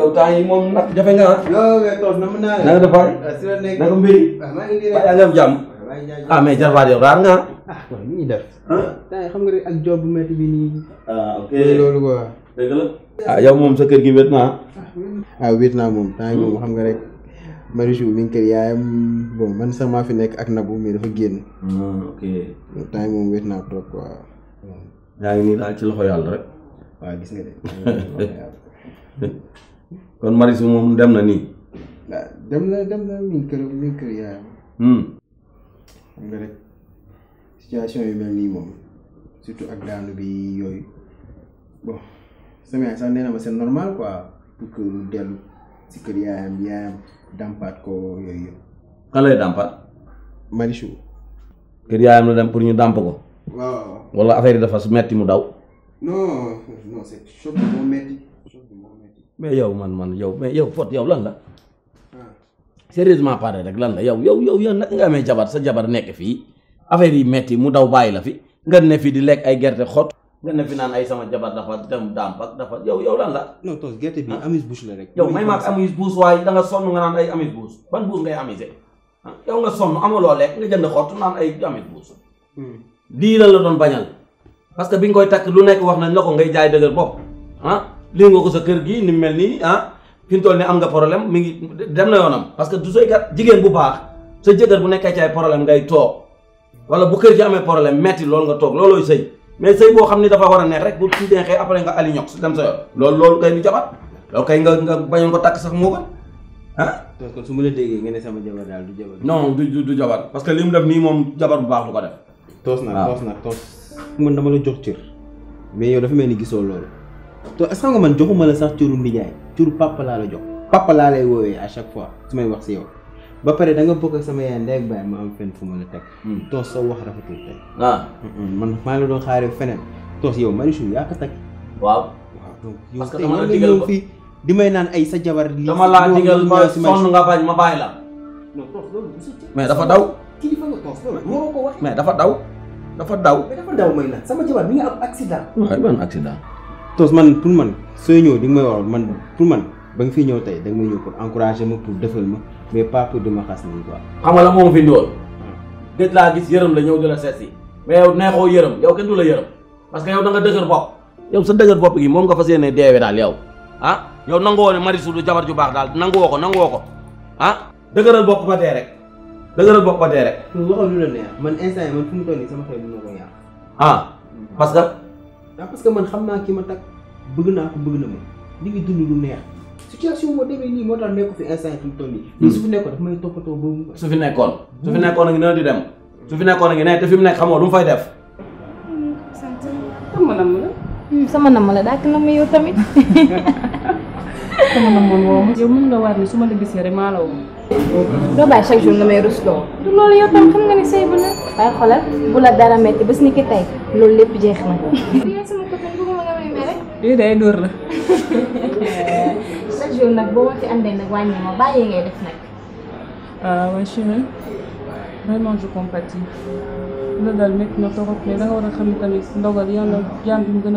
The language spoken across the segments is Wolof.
yow temps yi moom na mën naa moom sa kër gi wét naa. ah naa moom temps moom xam nga rek. Marichou mi ngi kër yaayam bon man sax fi nekk ak Nabou mais dafa génn. ok. temps yi moom wét naa trop quoi. yaa ngi nii daal ci loxo yàlla rek. waaw gis nga de. kon marisu mom dem na ni nah, dem na dem na mi ngi kër mi ngi kër yaayam. Hmm. xam nga rek situation yu mel ni mom surtout ak daanu bi yoy bon sama yaay sax neena ma c'est normal quoi pour que mu dellu si kër am ya dampat ko yoy yëpp. kan dampat marisu Marichou. ya am la dem pour ñu damp ko. waaw wala affaire yi dafa metti mu daw. non non c'est choc moo metti. mais yow man man yow mais yow fot yow lan la ah. sérieusement parlé rek lan la yow yow yow nga amee jabar sa jabar nekk fii affaire yi metti mu daw bàyyi la fi nga ne fi di lekk ay gerte xot nga ne fi naan ay sama jabar dafa dem daam dafa yow yow la. non tos bi ah. amuse rek. yow may ma ak amuse bouche waaye da nga sonn nga ay amuse bouche ban bouche ngay amusé ah, yow nga sonn amuloo lekk nga jënd xott naan ay amuse bouche. Hmm. lii la la doon bañal parce que bi nga koy takk lu nekk wax nañ la ko ngay jaay dëgër bopp ah li nga ko sa kër gi ni melni ah fi tol ni am nga problème mi ngi dem na yonam parce que du soy kat jigen bu baax sa jëkkër bu nekk ci ay problème ngay tok wala bu kër gi amé problème metti lool nga tok loolooy sey mais sey bo xamni dafa wara neex rek bu ci neexee après nga ali ñox dem sa yoon loolu loolu kay du jabat loolu kay nga nga bañu ko tak sax moo gën ah. kon su ma la déggé nga ne sama jabar dal du jabar. non du du jabar parce que li def ni mom jabar bu baax du ko def. toos nak tos nak toos. man dama la jox ciir mais yow dafa melni ni gisoo loolu to est ce que nga man joxuma la sax turu nijaay turu papa la la jox papa la lay wowe à chaque fois sumay wax ci yow ba pare da nga bokk sama yende ak bay ma am fenn fuma la tek hmm. to so wax rafetul tey ah man ma la doon xaaree feneen toos yow Marichou yaa ko teg waaw waaw donc yow tey nga ñëw fii di may naan ay sa jabar li dama la digal ma sonn nga bañ ma bàyyi la mais dafa daw kilifa nga toos loolu moo ko wax mais dafa daw dafa daw dafa daw may la sama jabar mi nga am accident ay ban accident tos man pour man sooy ñëw di nga may waral man pour man ba nga fi ñëw tay da nga may pour encourager ma pour defal ma mais pas pour de ma xass ni quoi. xam nga la mo fi ndol gëj la gis yërëm la ñew de la seet mais yow neexoo yërëm yow kenn du la yërëm parce que yow da nga dëgër bop yow sa dëgër bop gi mom nga fas yéene dal yow ah yow nangoo ne Marichou du jabar ju bax dal nangoo woko nangoo woko ah dëgëral bop ba dee rek dëgëral bop ba dee rek lu waxal lu la neex man instant man fu mu toll sama xel du ma ko ah parce que waaw parce que man xam naa ki ma takk bëgg naa ko bëgg na ma ñu ngi dund lu neex situation moo demee nii moo tax nekku fi instant yi toll nii. mais hmm. su fi nekkoon daf may toppatoo ba mu. su fi nekkoon su fi hmm. nekkoon a ngi noonu di dem su fi nekkoon a ngi ne te mu nekk xamoo lu mu fay def. Hmm, sant sama namm la. sama namm la daa ko namm yow tamit. ko mëna mën woo yow mën nga war ni su ma la gisee rek maa la chaque jour nga may du loolu yow tam xam nga ni say bu ne waaye xoolal bu la dara metti bés ni ki tey loolu jeex na sama day la chaque jour ngay def ah ouais chérie vraiment je compatis la dal métti na torop mais da nga war xam tamit ndogal yàlla jaam mu def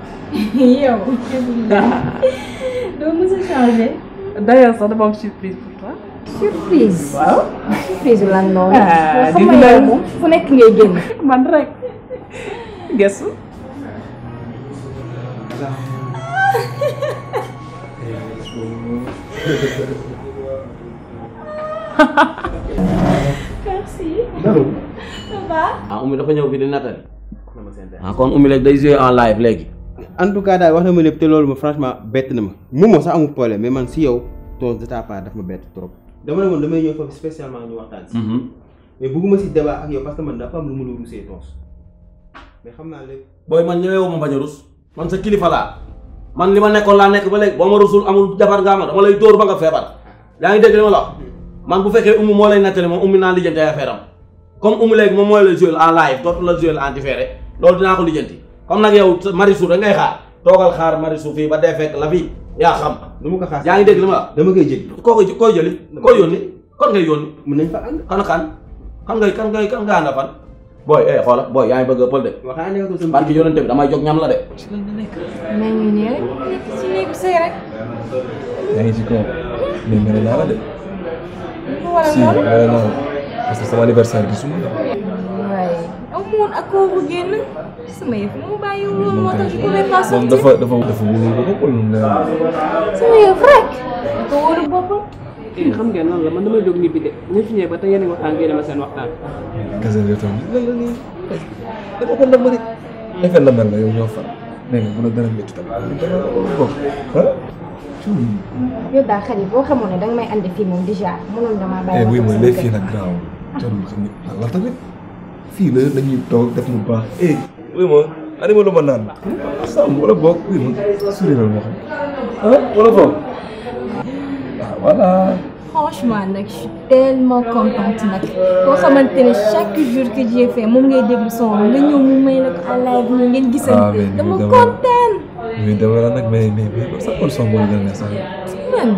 yow. doo mës a changer. d'ailleurs sax dama am surprise pour toi. surprise. waaw surprise lan noonu. ah dégg naa moom fu nekk ngay génn. man rek gëstu. merci. Daro. ça va. ah Oumy dafa ñëw fii di Nathalie. ah kon Oumy léegi day jouer en live léegi. en tout cas day wax na ma lepp té lolou ma franchement bét na ma moom moo sax amul problème mais man si yow ton état pas daf ma bét trop dama ne woon damay ñëw foofu spécialement ñu waxtaan hmm mais bëgguma ci débat ak yow parce que man dafa am lu ma la rusee tons mais xamna naa boy man ñëwé ma baña a man sa kilifa la man lima ma la laa nekk ba léegi boo ma rusul amul jabar nga ma dama lay door ba nga fébar yaa ngi dégg li ma la man bu fekkee umu mo lay natalé mo ummi na lijeenté ay affaire am comme umu lég mo moy la jouer en live dootu la jouer en différé lolou dina ko lijeenté kon nak yow Marichou da ngay xaar togal xaar Marichou fi ba dee fekk la fi ya xam. nu ko xaar yaangi deg dégg dama koy jëli. ko ko koo jëli koo yónni kon ngay yoni mën nañ fa and kan kan kan ngay kan ngay kan nga ànd fan. eh xoola boy yaangi bëgg pol de. waxaan nga ko sun barki yonent bi dama jóg ñam la de. mais rek ci néegu sëy rek. ci mere la la de. si waaye non parce que sama anniversaire du suma Right. Umun ako bugin sa may mo bayo mo ta ko may pasok. Mom dafa dafa dafa wulu ko ko na. Sa may frek. Ito wulu Eh, xam ngeen lan la mau damay jóg ñibbi de ñu fi ñëwee ba tey yéen a ngi waxtaan ngeen ma seen waxtaan. Gasal yow tam lan la nii dafa ko lamb rek. Dafa lamb la yow ñoo far. Nee nga bu la Eh oui mau lay fii nag graaw. Jarul kan, fii la dañuy toog def mu baax eh oui ma ani ma lu ma naan. sàmm wala boog oui ma souriral ma xam ah wala boog ah voilà. franchement nag je tellement contente nag boo xamante ne chaque jour que j'ai fait moom ngay déglu son nga ñëw mu may la ko àllaay bi ngeen gisante. dama kontaan. oui dama la nag mais mais mais sa xol son boobu nga ne sax. man.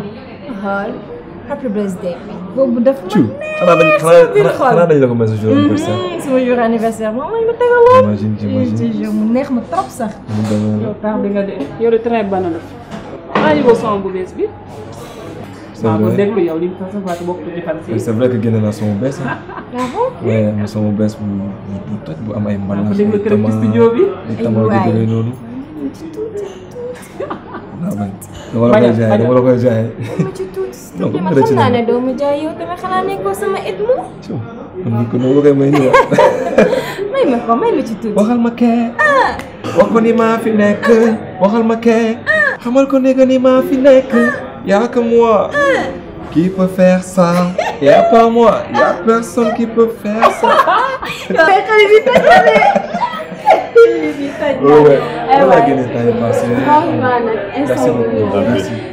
Happy birthday. Gue udah Cu, karena ada karena karena ada juga mas jujur aniversaire. Semua jujur aniversaire. Mama ini tega lo. Imagine, imagine. Jujur, menek metrap sah. Yo, tá obrigado. Yo, de trem banana. Aí eu sou um bebês bi. C'est vrai que Guinée sont obèses. Oui, nous sommes obèses pour peut-être pour un balance. Vous avez le studio, oui? Et tu m'as dit non, non? Non, mais. Je vais le faire. Je vais le faire. Stok matsan na na daw mo jayo pero sama ko sa mait mo. So, hindi ko nulo kay mahinyo. May mako, may luchitut. Wakal make. Ah. Wako ni mafi nek. Ah. Wakal make. Ah. Hamal ko nega ni mafi nek. Ah. Y'a kamu moi. Ah. Qui peut faire ça? Y'a pas moi. Y'a personne qui peut faire ça. Bakal ibita kami. Ibita. Oh, ouais. Wala gini tayo pa. Kau mana? Esok. Eh, Terima kasih.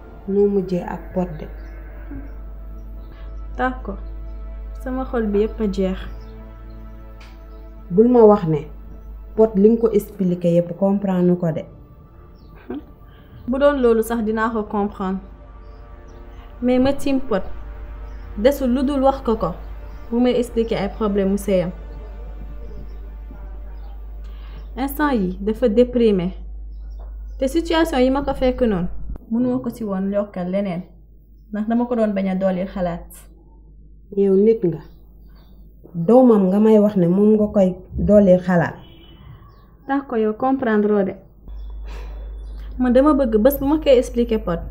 moo mujjee ak pot de ko sama xol bi yépp a jeex bul ma wax ne pot li nga ko expliqué yépp comprendre ko de bu doon loolu sax dinaa ko comprendre mais ma tiim pot desul lu dul wax ko ko bu may expliqué ay problème mu sëyam instant yi dafa déprimé te situation yi ma ko fekk noonu mënuma ko ci woon yokkal leneen ndax dama ko doon bañ a doolil xalaat yow nit nga doomam nga may wax ne moom nga koy doolil xalaat tax ko yow comprendre de ma dama bëgg bés bu ma koy expliquer pot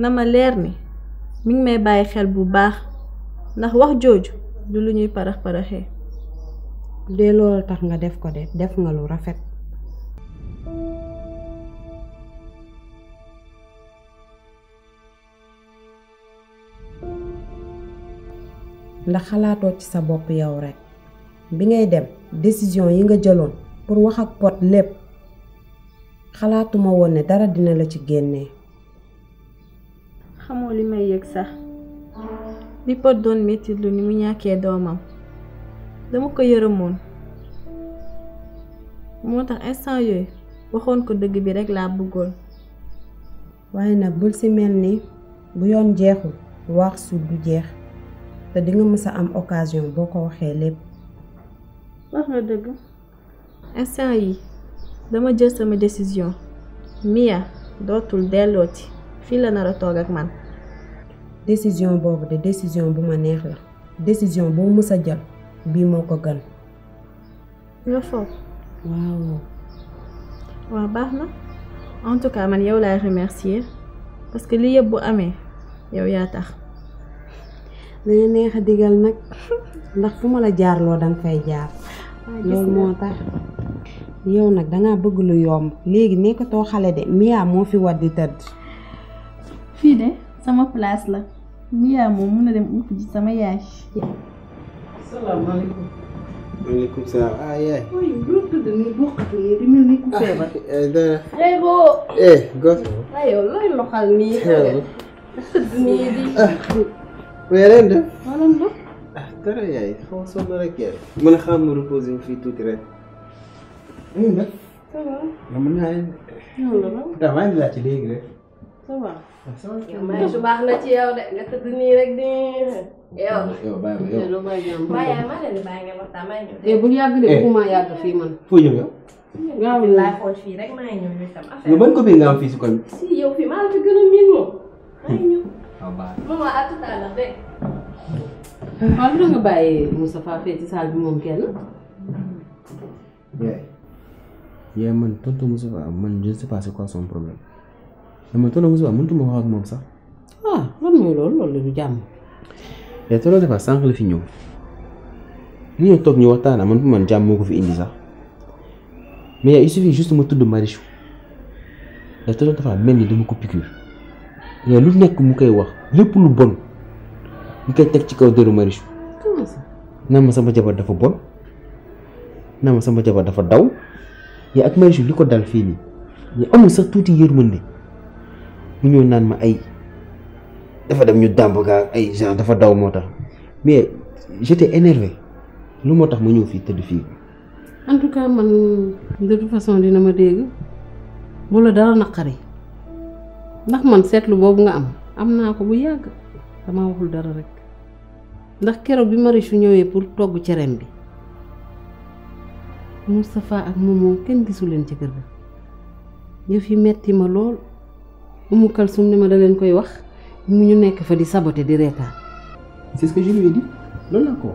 na ma leer ni mi ngi may bàyyi xel bu baax ndax wax jooju du lu ñuy parax paraxee dee loolu tax nga def ko de def nga lu rafet ndax xalaatoo ci sa bopp yow rekk bi ngay dem décision yi nga jëloon pour wax ak Pod lépp xalaatuma woon ne dara dina la ci génnee xamoo li may yëg sax li Pod doon metti ni mu ñàkkee doomam dama ko yërëmoon moo tax instant yooyu waxoon ko dëgg bi rek laa bëggoon waaye nag bul si mel ni bu yoon jeexul wax su du jeex te di nga am occasion boo ko waxee lépp. wax nga dama jël sama décision Mia dootul dellooti fii la nar ak décision boobu de décision bu ma la décision boo mës a jël bii gën. nga waaw. waaw baax na en tout cas remercier parce que li yëpp bu amee yow tax. dañu neex a digal nag ndax fu ma la jaarloo danga fay jaar loolu moo tax yow nag dangaa bëgg lu yomb léegi nekkatoo xale de Mia moo fi war di tëdd fii de sama place la Mia moom mun a dem ut ji sama yaay ya. asalaamaaleykum maaleykum salaam ah yaay. mais ren de. maanaam de. ah dara yaay xaw a xam mu reposé wu tuuti ren. oui nag. nga mën naa leen. Ah, ah, na ci nga tëdd nii rek di. yow ah, ma yow. waaye maa leen di bàyyi ngeen waxtaan maa ngi ñëw. eh, eh. ma yàgg fii man. foo jëm yow. yaa ngi lay xool rek maa ngi ñëw ñu tam affaire. yow ban copine nga am fii si koñ si yow fii maa la fi gën a miin moom. kaw baax maman à tout à l'heure de. waaw lu nga bàyyi Moustapha fee ci salle bi moom kenn. yaay yaay man tontu Moustapha man je ne sais son problème man tontu Moustapha mënutuma wax ak moom sax. ah lan mooy loolu loolu du jàmm. yaay tontu dafa sànq la fi ñëw. ñu ñu waxtaan man man jàmm ko fi indi sax mais yaay il suffit juste ma tudd mel ni dama ko piqûre. mais lu nekk mu koy wax lépp lu bon ñu koy teg ci kaw dëru Marichou naan ma sama jabar dafa bon naan ma sama jabar dafa daw mais ak Marichou li ko dal fii nii ñu amul sax tuuti yërmande mu ñëw naan ma ay dafa dem ñu dàmb gaa ay genre dafa daw moo tax mais j'étais énervé lu moo tax ma ñëw fii tëdd fii en tout cas man de toute façon dina ma dégg bu la dara naqari ndax man setlu bobu nga am am ko bu yag dama waxul dara rek ndax keroog bi su ñëwee pour togg rem bi mustafa ak Momo kenn gisu leen ci kër ga ñu fi metti ma lool Umu Kalsum ne ma da len koy wax mu ñu nekk fa di saboté di reetaan c'est ce que je lui ai dit non laa ko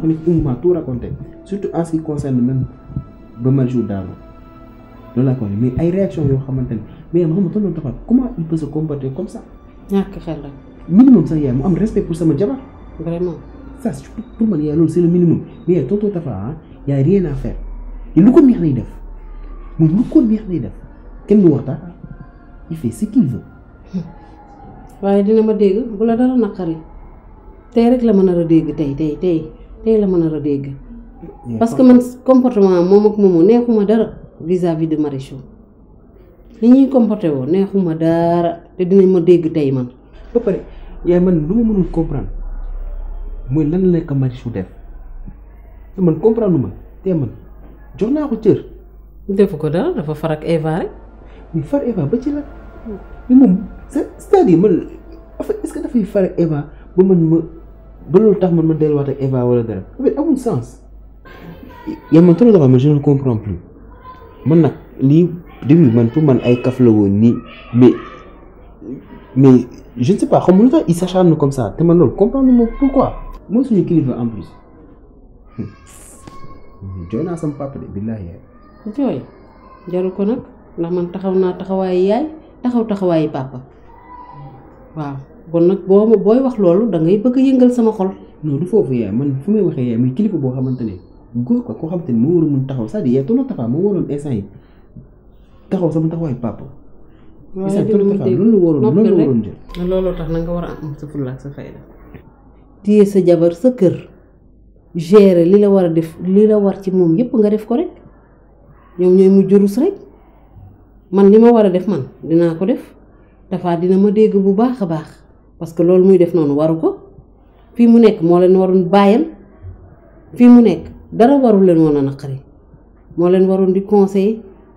ko ni Umu m'a tout raconté surtout en ce qui concerne même ba Marichou daanu loolu laa ko mais ay réaction yo xamanteni mais ma xamul tonton Tapha comment il peut se comporter comme ça. ñàkk ah, xel la. minimum sax yaay mu am respect pour sama jabar. vraiment. ça pour man yaay loolu c'est le minimum mais yaay tonton Tapha ah yaay rien à faire te lu ko neex lay def moom lu ko neex lay def kenn du waxtaan il fait ce qu'il veut. waaye dina ma dégg bu la dara naqari tey rek la mën a dégg tey tey tey tey la mën a dégg. parce que man comportement moom ak moomu neexuma dara vis-à-vis de Marichou. li ñuy comporté woo neexuma dara te dinañ ma dégg tey man. ba pare yaay man lu ma mënul comprendre mooy lan la ko Marichou def te man comprendre te man naa ko defu ko dara dafa far ak far Eva ba ci la mais moom ce que dafay far ak Eva man ma ba loolu man ma delluwaat ak Eva wala dara plus man nag lii. début man pour man ay mais mais je ne sais pas Comment il s'acharne comme ça te man comprendre moi pourquoi Moi suis équilibre en plus hmm. n'a papa de billahi hein. jaru ko nak ndax man taxaw taxaw papa waaw bon nak bo wax da ngay bëgg sama xol non du fofu yaay man fu may ko taxaw cest yaay taxaw sama taxawaayu papa. isa tolu tafa loolu waroon loolu waroon jël. looloo tax na nga war a am sa fulla sa fayda. téye sa jabar sa kër gérer li la war a ya, def li la war ci moom yépp nga def ko rek ñoom ñooy mu jurus rek man li ma war a def man dinaa ko def dafa dina ma dégg bu baax a baax parce que loolu muy def noonu waru ko fii mu nekk moo leen waroon bàyyal fii mu nekk dara waru leen woon a naqari moo leen waroon di conseiller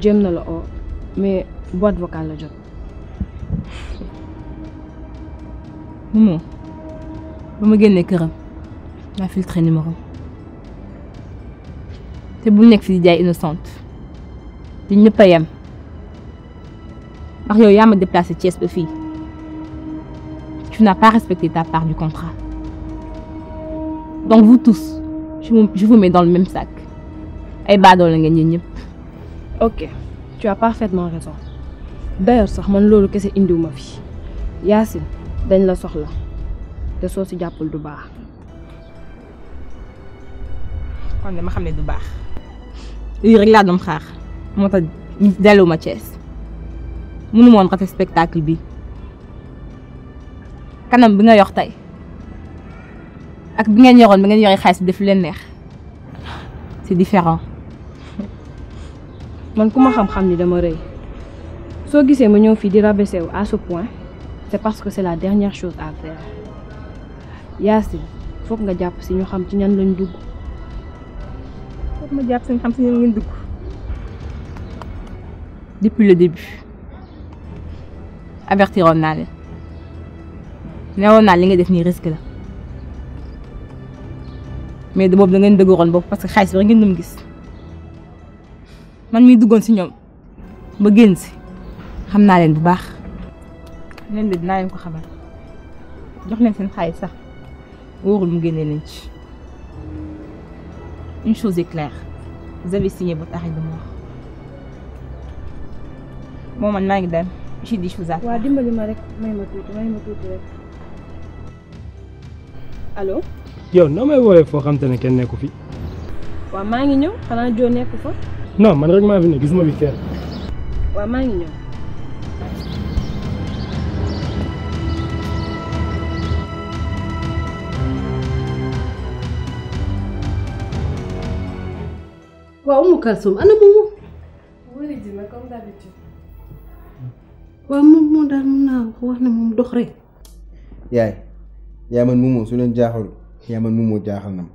jéem na la oo mais boîte vocale la jot. Momo ba ma génnee Ma maa filtré numéro te C'est nekk fi di innocente di ne a pas ndax yow yaa ma déplacé Thiès ba tu n'as pas respecté ta part du contrat donc vous tous je vous mets dans le même sac ay bah, la ngeen yéen ok tu as parfaitement raison d'ailleurs sax man loolu kese que fi Yacine la soxla te que c'est du baax. que du baax. rek xaar que c'est mënu spectacle bi kanam bi nga yox ak bi que bi c'est différent man ku xam-xam ni dama reuy so gisee ma ñëw fi di rabaisser wu à ce point c'est parce que c'est la dernière chose à faire Yacine foog nga jàpp si ñu xam ci ñan lañ dugg. foog ma jàpp si ñu xam si ñan lañ dugg. depuis le début avertiroon naa leen newoon naa li nga def nii risque la mais boobu da ngeen dëgëroon boobu parce que xaalis bi ngeen doon gis man mi dugon ci ñom ba génn ci xamna len bu baax. len de dinaa leen ko xamal jox len seen xaalis sax worul mu génnee leen ci une chose est claire vous avez signé votre arrêt de mort moom man maa ngi dem ci des choses à faire. waaw dimbali ma rek may ma tuuti may ma tuuti rek allo. yow noo may woowee foo xam te ne kenn nekku fi. waaw maa ngi ñëw xanaa joo nekku fa. no man rek maa fi ne gisuma fi kenn. waaw maa ngi ñëw. waaw Umu Kalsum daal mun naa wax ne moom dox rek. yaay yaa man moomu su leen jaaxul yaa man moomu jaaxal na ma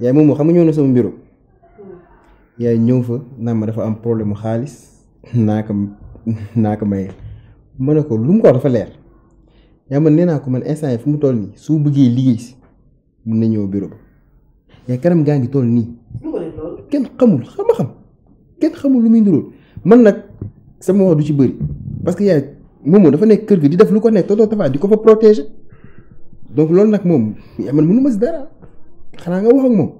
yaay moomu xam nga ñëw na sama mbirum. yaay ñëw fa naa ma dafa am problème mu xaalis naa ko naa ko may ma ne ko lu mu ko dafa leer yaa man nee naa ko man instant yi fu mu toll nii su bëggee liggéey si mun na ñëw bureau ba yaay kanam gaa ngi toll nii kenn xamul xama xam kenn xamul lu muy nduróol man nag sama wax du ci bëri parce que yaay moom dafa nekk kër gi di def lu ko nekk tootoo tafaa di ko fa protéger donc loolu nag moom yaa man mënu ma si dara xanaa nga wax ak moom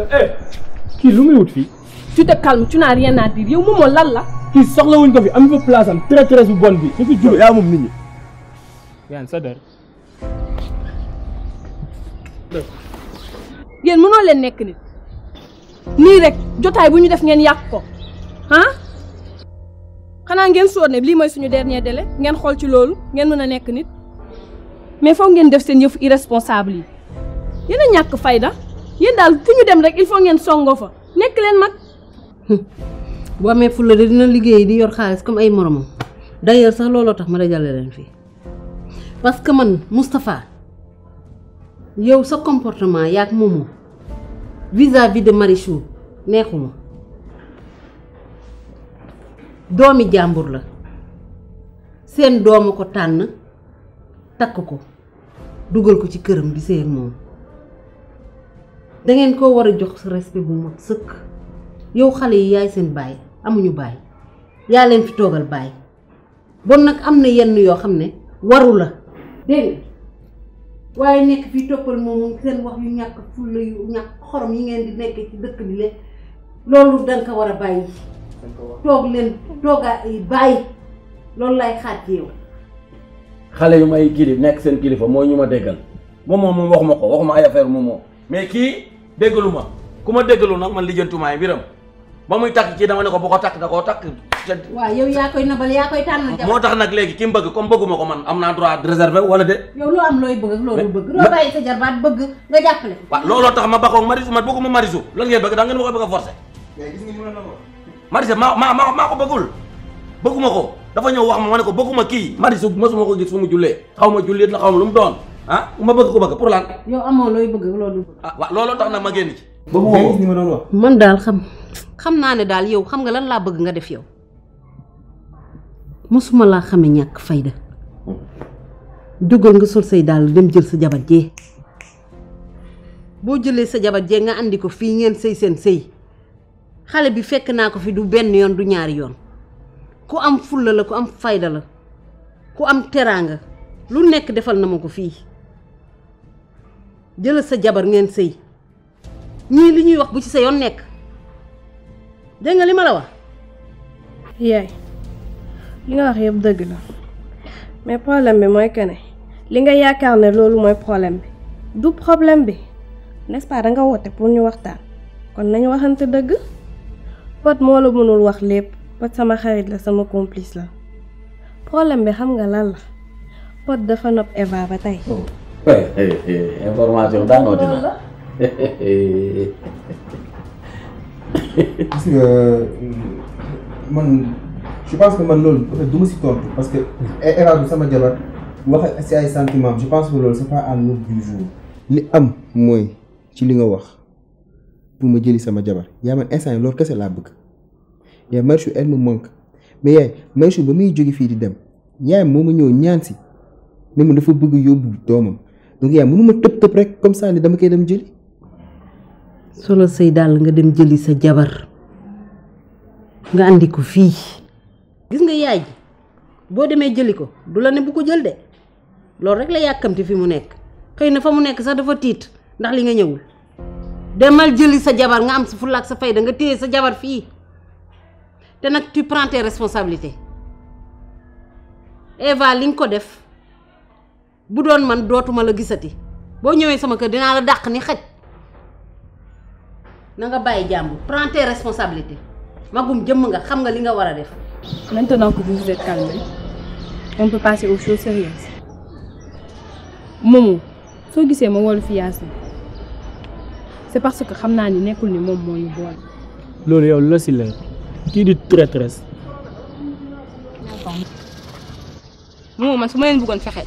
eh! Qui tu te calmes tu n'as rien à dire yow là. lan la. là soxlawuñ ko fi Tu place am très très bon bi là. tu es là. Tu nit ñi. Tu es là. Tu es là. nit là. rek es là. def ngeen Tu ko hein? dernier délai ngeen es ci Tu ngeen là. a es nit mais es ngeen def es là. irresponsable a yéen daal fu ñu dem rek il faut ngeen songoo fa nekk leen mag. bu amee fulla de dina liggéey di yor xaalis comme ay moromam d'ailleurs sax looloo tax ma dajale leen fii parce que man Moustapha yow sa comportement yaak moomu vis-à-vis de Marichou neexuma doomi jàmbur la seen dooma ko tànn takk ko dugal ko ci këram di sëy moom dangeen koo war a jox sa respect bu mag sëkk yow xale yi yaay seen baay amuñu baay yaa leen fi toogal baay bon nag am na yenn yoo xam ne waru la dégg waaye nekk fii toppal moom seen wax yu ñàkk fulla yu ñàkk xorom yi ngeen di nekk ci dëkk bi le loolu danga ko war a bàyyi toog leen toogaa bàyyi loolu lay xaat ci yow xale yu may kilif nekk seen kilifa mooy ñu ma déggal moom moom waxuma ko waxuma ay affaire moom moom mais kii déggalu kuma ku nak déggalu nag man lijjantumaay mbiram ba muy takk ci dama ne ko bu ko tak da ko tak wa yow ya koy nabal ya koy tan motax nak legi kim ki bëgg comme bëgguma ko man amna droit de réserver wala de. yow loo am loy bëgg ak loolu bëgg. ro baye sa jarbat bëgg nga jàppale. wa looloo tax ma baxoo Marichou man bëgguma marisu lan ngeen bëgg da ngeen ma ko bëgg forcer. mais gis ngeen mën na ko. Marichou ma maa ko bëggul bëgguma ko dafa ñew wax ma ma ne ko bëgguma kii Marichou masuma ko gis fu mu jullee xawma ma la xawma lu mu doon ah ko pour yow amoo looy bëgg ah, man daal xam xam naa ne daal yow xam nga lan laa bëgg nga def yow mosuma laa xame ñàkk fayda jógal nga sol say daal dem jël sa jabar jee boo jëlee sa jabar jee nga andi ko fii ngeen sëy seen sëy xale bi fekk naa ko fi du benn yoon du ñaari yoon ku am fulla la ku am fayda la ku am teraanga lu nekk defal na ma ko fii jëlal sa jabar ngeen sëy ñii li ñuy wax bu ci sa yoon nekk dégg li ma la wax. yaay li nga wax yëpp dëgg la mais problème bi mooy que ne li nga yaakaar ne loolu mooy problème bi du problème bi n'est-ce pas da nga woote pour ñu waxtaan kon nañu waxante dëgg Pod moo la mënul wax lépp Pod sama xarit la sama complice la problème bi xam nga lan la Pod dafa nopp Eva ba tey. Oh. Eh, eh, eh, information daanoo dina. gis nga man je que man loolu si tontu parce que Erasme sama jabar wax si ay sentiments je pense que loolu c'est pas à l'ordre du jour. li am mooy ci li nga wax bu ma jëli sama jabar yaa man instant yi loolu kese laa bëgg yaa Marichou elle mais yaay Marichou ba muy jóge fii di dem yaay moo ma ñëw ñaan si ne dafa bëgg yóbbu doomam. donc yaa mënuma tëb tëb rek comme ça ni dama koy dem jëli solo say dal nga dem jëli sa jabar nga andi ya, ko fii gis nga yaay ji boo demee jëli ko du la ne bu ko jël de loolu rek la yàkkamti fi mu nekk xëy na fa mu nekk sax dafa tiit ndax li nga ñëwul demal jëli sa jabar nga am sa fulla sa fayda nga téye sa jabar fii te nag tu prends tes responsabilités Eva li nga ko def budon man dootuma la gisati bo ñewé sama kër dina la dakk ni xej na nga baye jàmbur prends tes responsabilités magum jëm nga xam nga li nga wara def. maintenant que vous vous êtes calmé on peut passer aux choses sérieuses Momo soo gisee ma wol fi c'est parce que xamna ni nekul ni mom moo ñu lolou yow la si la ki di traîtresse. Momo man su ma leen bëggoon fexeel.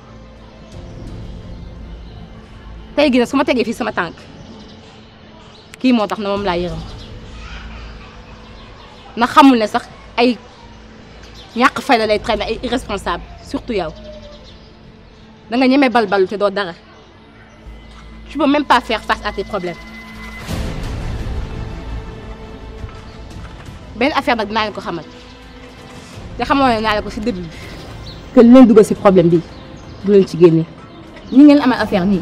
tay gi sama su fi sama tank. ki motax na mom la yërëm na xamul ne sax ay ñak fay la lay traîner ay irresponsable surtout yow da nga ñemee balbalu té do dara tu peux même pas faire face à tes problèmes Ben affaire nag dinaa ko xamal te xamoo ne naa la ko ci début que leen dugal si problème bi du leen ci génné ñi ngeen amal affaire ni.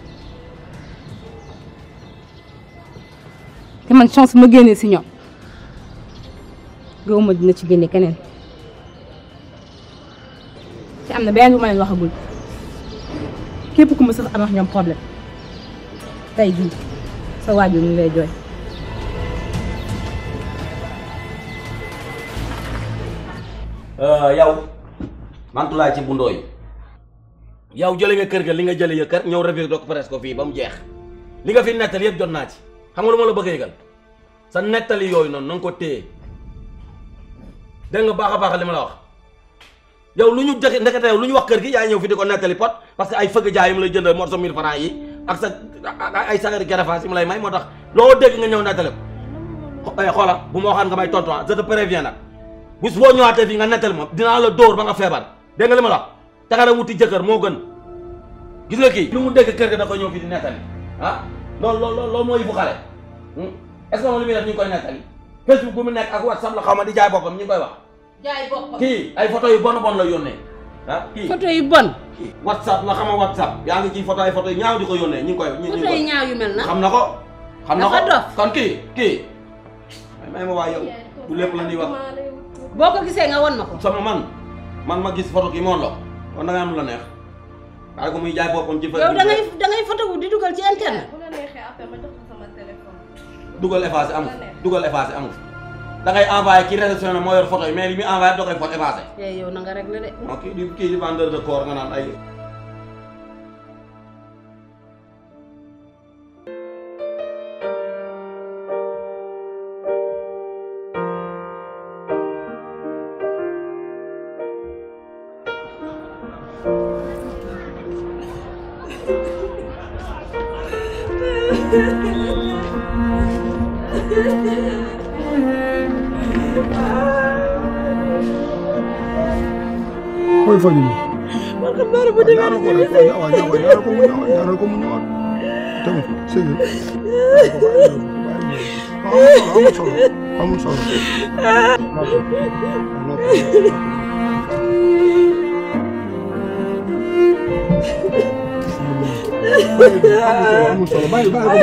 te chance ma génnee si ñoom gëwuma dina ci génne keneen te am na beneen bu ma leen waxagul képp ku ma sax am wax ñoom problème tey jii sa waajur ñu lay jooy euh, yow mantulaa ci bundoo yi jële nga kër gi li nga jële ya kër ñëw revir dok presse fii ba mu jeex li nga fi nettal yëpp jot naa ci xam nga luma la bëggee gal sa nettali yooyu noonu na nga ko téye dégg nga baax a baax li ma la wax yow lu ñu joxe ndekete yow lu ñu wax kër gi yaa ñëw fi di ko nettali pot parce que ay fëgg jaay yi mu lay jëndal morso 1000 francs yi ak sa ay sagari garafaas yi mu lay may moo tax loo dégg nga ñëw nettali ko eh, xoola bu ma waxaan nga may tonton ah, je te préviens nag bis boo ñëwaatee fii nga nettali ma dinaa la dóor ba nga feebar dégg nga li ma la wax taxara wuti jëkkër moo gën gis nga kii lu mu dégg kër gi da ko ñëw fi di nettali ah loolu loolu loolu moo yëfu xale hmm? est ce que moom li muy def ñu ngi Facebook bu mu nekk ak WhatsApp la xaw ma di jaay boppam ñu koy wax. jaay boppam kii ay foto yu bon bon la yónnee ah kii. photo yu bon. WhatsApp la xam nga WhatsApp yaa ngi ci photo ay photo yu ñaaw di ko yónnee ñu ngi koy. ñu ngi yu ñaaw yu mel na. xam na ko. xam na ko kon kii kii. may ma waa yow du lépp la ñuy wax. boo ko gisee nga won ma ko. sama man man ma gis photo kii moo la kon da nga neex. baal ko muy jaay boppam ci fa. yow da ngay da di dugal ci internet. bu la neexee après dugal effacé amul dugal effacé amul. kii réception moo yor photo mais li muy envoyé da koy effacé. Eh, yow na nga réglé de. ok a vendeur nga naan ay. Kau yang faham. Makan darah pun jangan. 한국 사람 빨리 빨리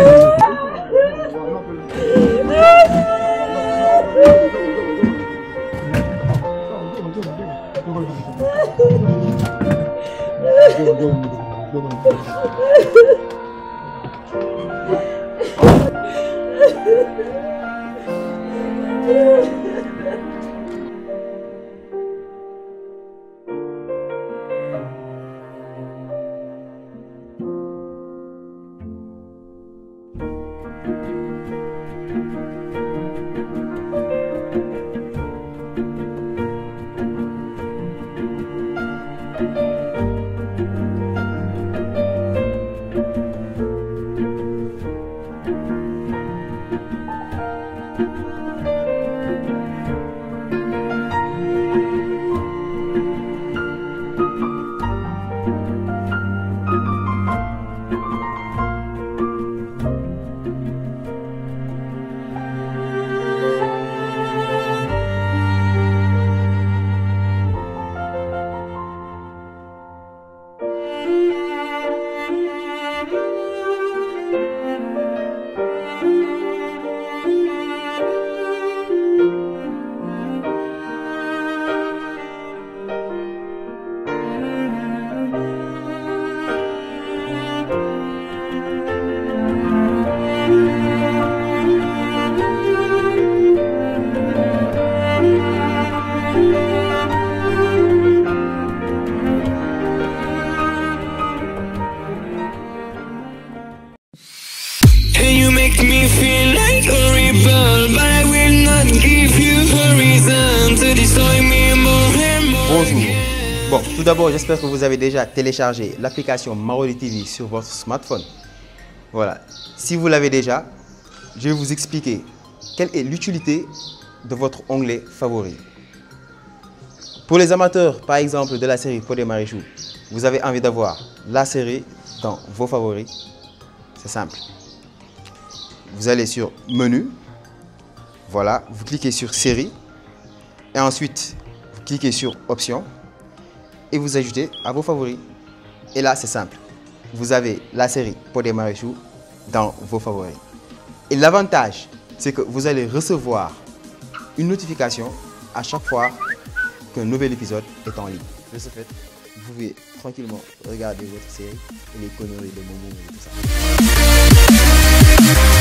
Thank you. d'abord, j'espère que vous avez déjà téléchargé l'application Maroli TV sur votre smartphone. Voilà, si vous l'avez déjà, je vais vous expliquer quelle est l'utilité de votre onglet favori. Pour les amateurs, par exemple, de la série pour les vous avez envie d'avoir la série dans vos favoris. C'est simple. Vous allez sur Menu. Voilà, vous cliquez sur Série. Et ensuite, vous cliquez sur Options et vous ajoutez à vos favoris. Et là, c'est simple. Vous avez la série pour des maréchaux dans vos favoris. Et l'avantage, c'est que vous allez recevoir une notification à chaque fois qu'un nouvel épisode est en ligne. De ce fait, vous pouvez tranquillement regarder votre série et les conneries de mon et tout